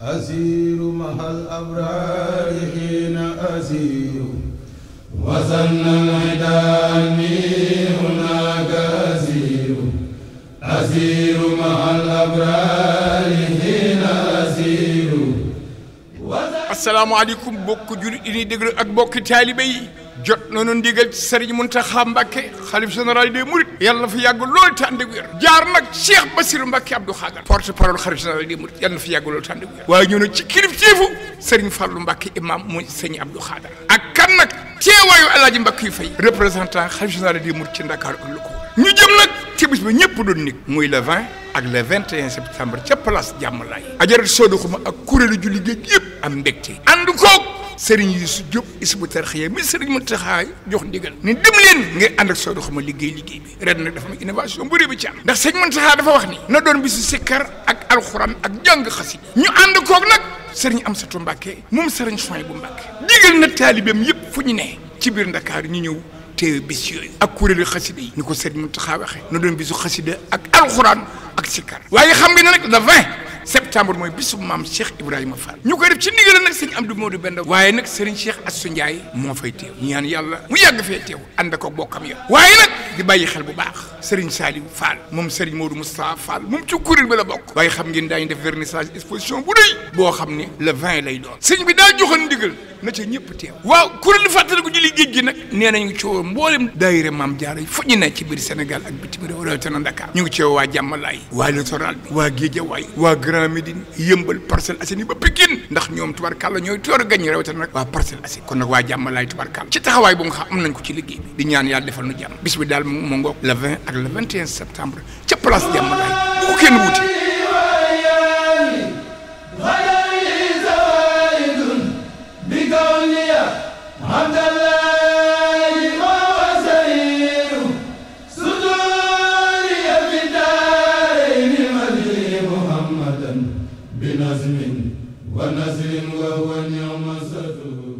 أزير مع الأبرار حين أزير وزن العداني هناك أزير أزير مع الأبرار حين أزير asalaamaaleykum bokk jullit yi ñuy déglu ak bokki taalibe yi jot nañu ndigal ci Serigne Mountakha Mbacké xalif général des Mourides yàlla na fi yàgg loolu te ànd ak jaar nag Cheikh Bassirou Mbacké Abdou Khadre porte parole xalif général des Mourides yàlla na fa yàgg loolu te ànd ak wér waaye ñu ne ci kilifteefu Serigne Fallou Mbacké imam mu sëñ Abdou Khadre ak kan nag teewaayu Alaaji Mbacké yi fay représentant xalif général des Mourides ci Ndakaaru ak lu ko ñu jëm nag ci bis ba ñëpp doon nit muy le 20 ak le 21 septembre ca place Diamalaye ajarat Sodou Khouma ak kuréelu julli géej yëpp am ànd koog sëriñ yi su jóg isbu tarxiya mi sëriñ Muntaxa jox ndigal ni dem leen ngay ànd ak soodo xama liggéey liggéey bi ren nag dafa am innovation bu rëy bi ci am ndax sëriñ Muntaxa dafa wax ni na doon bisu sikkar ak alxuraan ak jàng xasida ñu ànd koog nag sëriñ Amsatu Mbàkke moom sëriñ Soy bu yëpp fu ñu ne ci biir Ndakaar ñu ñëw teewe bis yooyu ak kuréelu xasida yi ni ko sëriñ Muntaxa waxee na doon bisu xasida ak alxuraan ak sikkar waaye xam nga ne nag la septembre mooy bisub maam Cheikh Ibrahima Fall ñu koy def ci ndigal nag sëñ Amdu Moodu Benda waaye nag sëriñ Cheikh Assou Ndiaye moo fay teew ñaan yàlla mu yàgg fee teew ànd ko bokkam ya waaye nag di bàyyi xel bu baax sëriñ Saliou Fall moom sëriñ Moodu Moustapha Fall moom ci kuréel bi la bokk waaye xam ngeen daañu def vernissage exposition bu rëy boo xam ne le 20 lay doon sëñ bi daa joxoon ndigal na ca ñëpp teew waaw kuréel di fàttaliku julli géej gi nag nee nañu coow mboolem daayira maam jaara fu ñu ne ci biir Sénégal ak bitim réew rawatina Dakar ñu ngi coow waa jàmmalaay waa littoral bi waa géejawaay waa Grand Médine yëmbal Parcelles Assainies ba Pikine ndax ñoom tubarkàlla ñooy toor gañ rawatina waa Parcelles Assainies kon nag waa jàmmalaay tubarkàlla ci taxawaay bu nga xam am nañ ko ci liggéey bi di ñaan yàlla defal nu jàmm bis daal mu ngoog le ak le 21 septembre ca place jàmmalaay bu ko kenn wuute wa nasrin wa huwa ni'ma